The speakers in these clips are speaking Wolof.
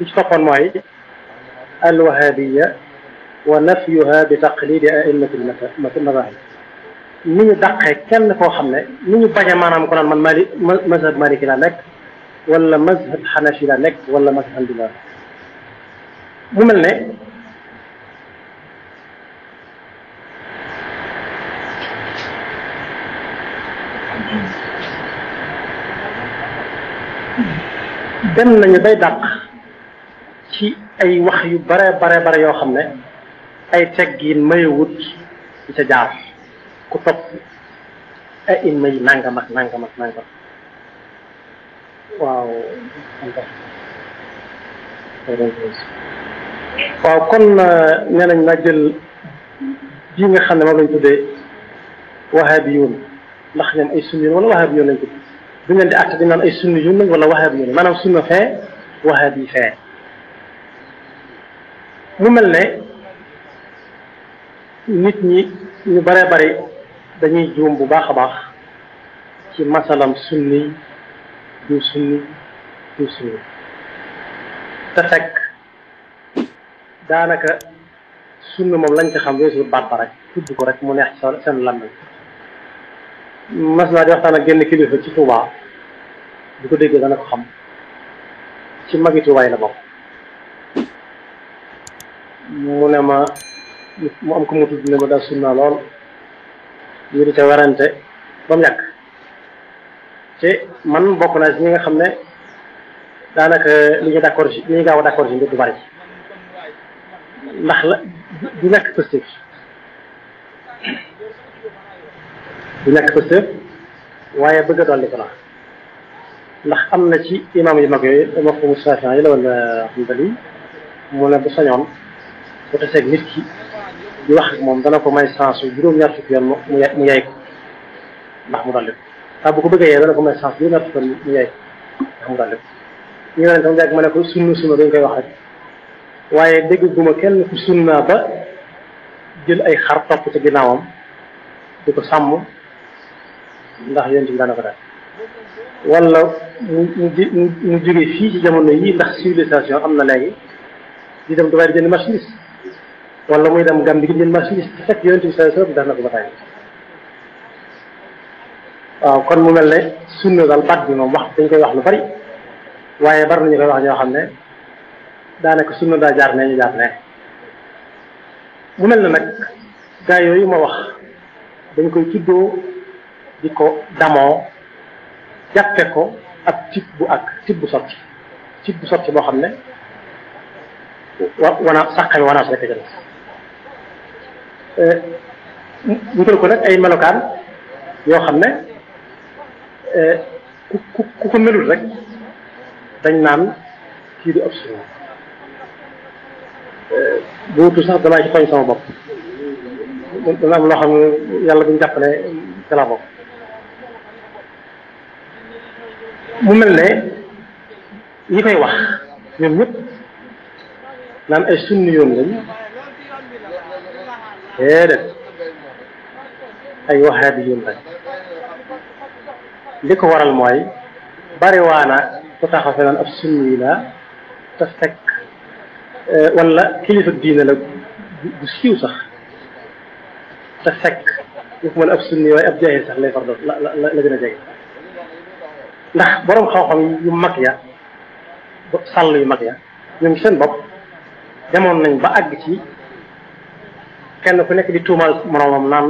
مشتق معي الوهابية ونفيها بتقليد أئمة المذاهب من دقة كان فوحمنا من بجا معنا نعم مكونا من مذهب مالك لك ولا مذهب حناشي لك ولا مذهب لك مملنا dem nañu bay dàq ci ay wax yu bare bare bare yoo xam ne ay teggin mayewut di ca jaar ku topp ay imma yi nangam ak nangam ak nangam waaw waaw kon nee nañ naa jël bii nga xam ne moom lañ tuddee wahabiyun ndax ñoom ay sunniin wala wahabiyun lañ tuddee بنا اللي أكد إن أي سنة جنن ولا وهابي ما أنا نعم سنة فا وهابي فا ممل لي نيت ني ني باري باري داني جوم بو باخ باخ سي مثلا سني دو سني دو سني تفك دانك سنة مبلنك خمسة بار بارك كدو كورك مونيح سن لامي mas naa di waxtaan a genn kilifa ci Touba bu ko déggee dana ko xam ci magi Touba yi la bokk mu ne ma mu am ko mu tudd ne ma daal sunnaa lool ñu di ca werante ba mu yàgg te man bokk naa ci ñi nga xam ne daanaka li ñu d'accord ci li ñu gaaw a d'accord ci mbir du bari ndax la du nekk pëstéef du nekk pëstéef waaye bëgg a dolli ko la ndax am na ci imaam yu mag yooyu dama yi la wala euh, Hanbali mu ne bu sañoon bu taseeg moom dana ko may chance yu juróom-ñaar mu mu ndax mu dolli bu ko bëggee yee ko may chance juróom-ñaar mu yay ko ndax mu dolli ne ko sunna sunna dañ koy wax rek waaye kenn ku sunna ba jël ay xar ci ginnaawam di ko sàmm ndax yéen bi daana ko def wala mu mu mu jógee fii ci jamono yii ndax civilisation am na léegi di dem Dubaay di jënd marchandise wala muy dem Gambie di jënd marchandise te fekk yonent bi sallallahu def na ko ba tey waaw kon mu mel ne sunna daal baat bi moom wax dañ koy wax lu bari waaye bari nañu koy wax ñoo xam ne daanaka sunna daa jaar ne ñu jaar ne mu mel ne nag gaa yooyu ma wax dañ koy tuddoo di ko damoo jàppe ko ak cib bu ak cib bu sotti cib bu sotti boo xam ne wa wanaas sax eh, ko nag ay melokaan yoo xam ne eh, ku ku ku ko melul dañ naan kii du ab suñu eh, bu wutul sax damay ci tooñ sama bopp dana loo xam ne yàlla bu ñu jàpp ne ca mu mel ne ñi koy wax ñoom ñëpp naan ay sunni yoon lañ déedéet ay waxaabi yoon lañ li ko waral mooy bari waana ku taxaw fi naan ab sunni la te fekk wala kilifa diine la bu siiw sax te fekk ñu ko mën ab sunni waaye ab jaahil sax lay far la la la gën a jege ndax borom xam-xam yu mag ya sàll yu mag ya ñoom seen bopp demoon nañ ba àgg ci kenn ku nekk di tuumaal moroomam naan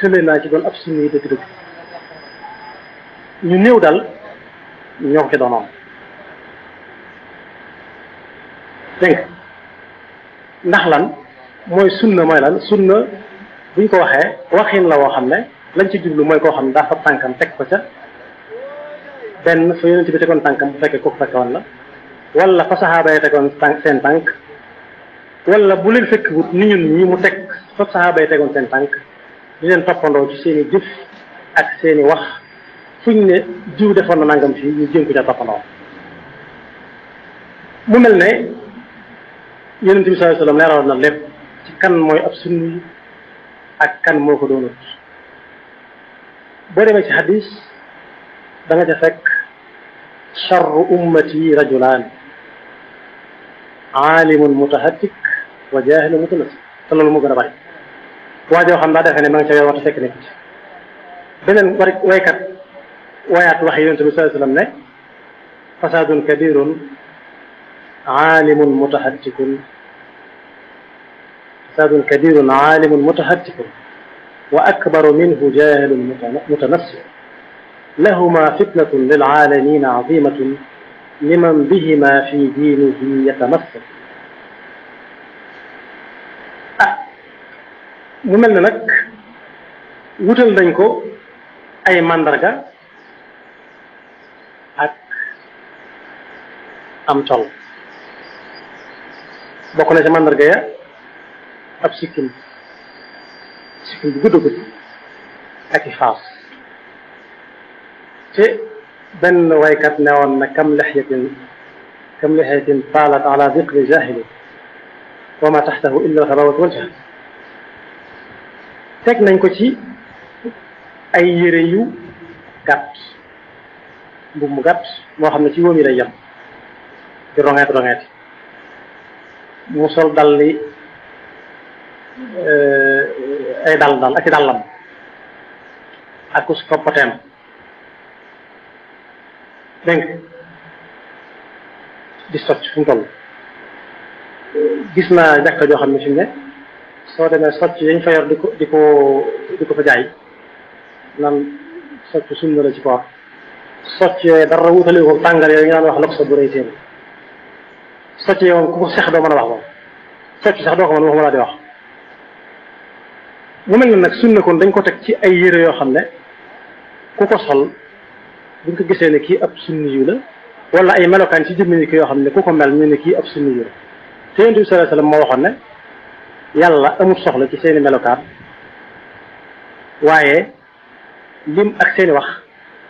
tële naa ci doon ab sunni dëgg-dëgg ñu néew dal ñoo ko ci doonoon dégg ndax lan mooy sunna mooy lan sunna buñ ko waxee waxin la woo xam ne lañ ci jublu mooy koo xam ne daa fa tànkam teg ko ca benn fa yonent bi tegoon tànkam bu fekkee kooku fekke woon la wala fa saxaaba yi tegoon tànk seen tànk wala bu leen fekk wut ni ñun ñi mu teg fa saxaaba yi tegoon seen tànk di leen toppandoo ci seen i jëf ak seen wax fu ñu ne jiw defoon na nangam fii ñu jéem ko ca toppandoo mu mel ne yonent bi sallallahu alayhi wasallam leeraloon na lépp ci kan mooy ab sunni ak kan moo ko doonut boo ci hadis da ca fekk شر أمتي رجلان عالم متهتك وجاهل متنسك صلى الله عليه وسلم واجو خم بعد خني مانشي يوم تسيك نيت بنن ويكت ويات وحي ينتبه صلى الله عليه وسلم فساد كبير عالم متهتك فساد كبير عالم متهتك وأكبر منه جاهل متنسك لهما فتنة للعالمين عظيمة لمن بهما في دينه يتمسك ومن لك وطن دنكو أي مندرقة أك أمتل بقنا جا مندرقة يا أبسيكين سيكين بقدو بقدو أكي خاص ci benn waykat ne woon na kam lexyatin kam lexyatin taalat ala diqri jahili wa ma taxtahu teg nañ ko ci ay yére yu gàtt mbubb mu gàtt moo xam ne ci wóom yi lay sol dal li eh, ay dal dal ak i dégg di sotti fu mu toll gis naa jàkka joo xam ne fi mu ne soo demee sotti yañ fa di ko di ko di ko fa jaay naan sotti sunna la ci yooyu dara wutale ko tàngal socc yooyu ku ko seex doo mën a wax moom socc sax doo ko mën wax ma laa di wax mu mel ne nag sunna kon dañ ko teg ci ay yére yoo xam ne ku ko sol buñ ko gisee ne kii ab sunniyu la wala ay melokaan ci jëmmi ko yoo xam ne ku ko mel ñu ne kii ab sunniyu la te yonent bi sallallahu alayhi wasallam waxoon ne yàlla amul soxla ci seeni melokaan waaye lim ak seeni wax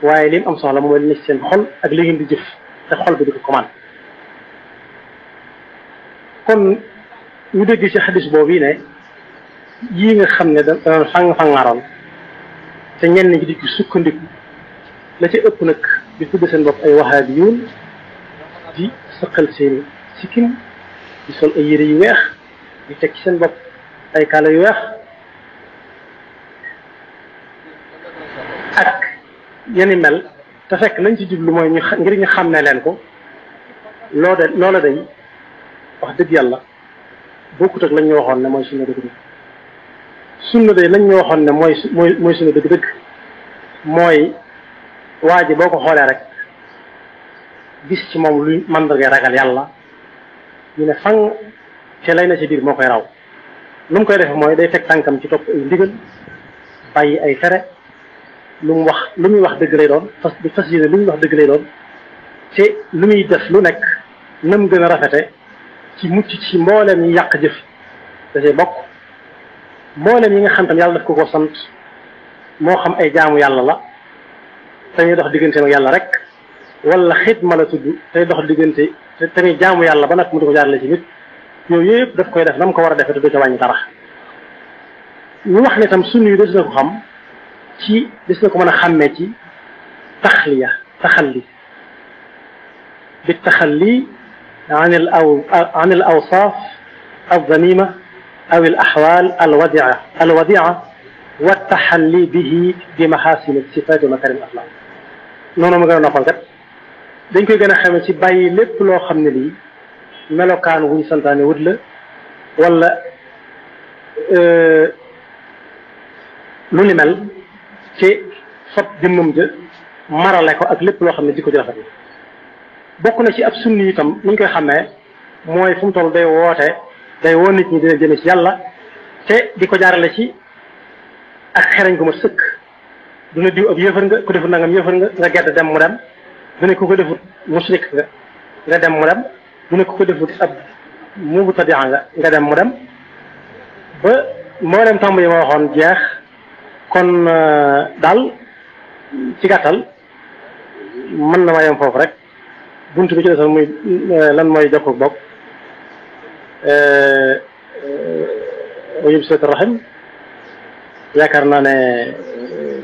waaye lim am soxla mooy li ne seen xol ak li ngeen di jëf te xol bi di ko commande kon ñu dégg ci xadis boobu ne yii nga xam ne da fang fangaroon te ñenn ñi di ci sukkandiku لتي أبنك بفدس الوضع وهاديون دي سقل سين سكن يصل أي ريوح يتكس الوضع أي كاليوح أك يعني مال تفك لن تجيب لما ينجر ينخمنا لنكو لولا دي وحدد يالله بوكو تك لن يوحون لما يسلنا دكري سنة دي لن يوحون لما يسلنا دكري موي waa ji boo ko xoolee rek gis ci moom luy mandarga ragal yàlla ñu ne fan ce lay na ci biir moo koy raw lu mu koy defee mooy day teg tànkam ci topp ay ndigal bàyyi ay fere lu mu wax lu muy wax dëgg lay doon fas fas yéene lu muy wax dëgg lay doon te lu muy def lu nekk nam gën a rafete ci mucc ci mbooleem yi yàq jëf da bokk mbooleem yi nga xam tam yàlla daf ko ko sant moo xam ay jaamu yàlla la tamit dox diggante ak yàlla rek wala xidma la tudd tey dox diggante tamit jaamu yàlla ba nag mu di ko jaarale ci nit yooyu yëpp daf koy def na mu ko war a defee te du ca wàññi dara ñu wax ne tam sunni yi des na ko xam ci des na ko mën a xàmmee ci taxliya taxalli bi taxalli عن الأو... عن الأوصاف الذميمة أو الأحوال الودعة الوديعة والتحلي به بمحاسن الصفات ومكارم الأخلاق noonu ma gën a noppal kat dañ koy gën a xame ci bàyyi lépp loo xam ne lii melokaanu wuñ santaane wut la walla euh, lu ni mel ci sot jëmmam ja marale ko ak lépp loo xam ne di ko rafet la bokk na ci ab sunni itam nuñ koy xamee mooy fu mu day woote day woo nit ñi dina jëme ci yàlla te di ko jaarale ci ak xereñ gu ma sëkk du ne diw ab yëfër nga ku defut nangam yëfër nga nga gedd dem mu dem du ku ko defut musrik nga nga dem mu dem du ne ku ko defut ab nga dem mu dem ba tomb yi ma waxoon jeex kon euh, daal ci gàttal mën na ma yem foofu rek buntu bi ci desoon muy euh, lan mooy jokku bokk euh, ayub sat rahim yaakaar naa ne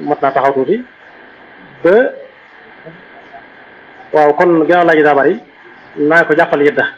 mat naa taxaw tuuti ba waaw kon gannaaw laaj daa bari naa ko jàppal yëdda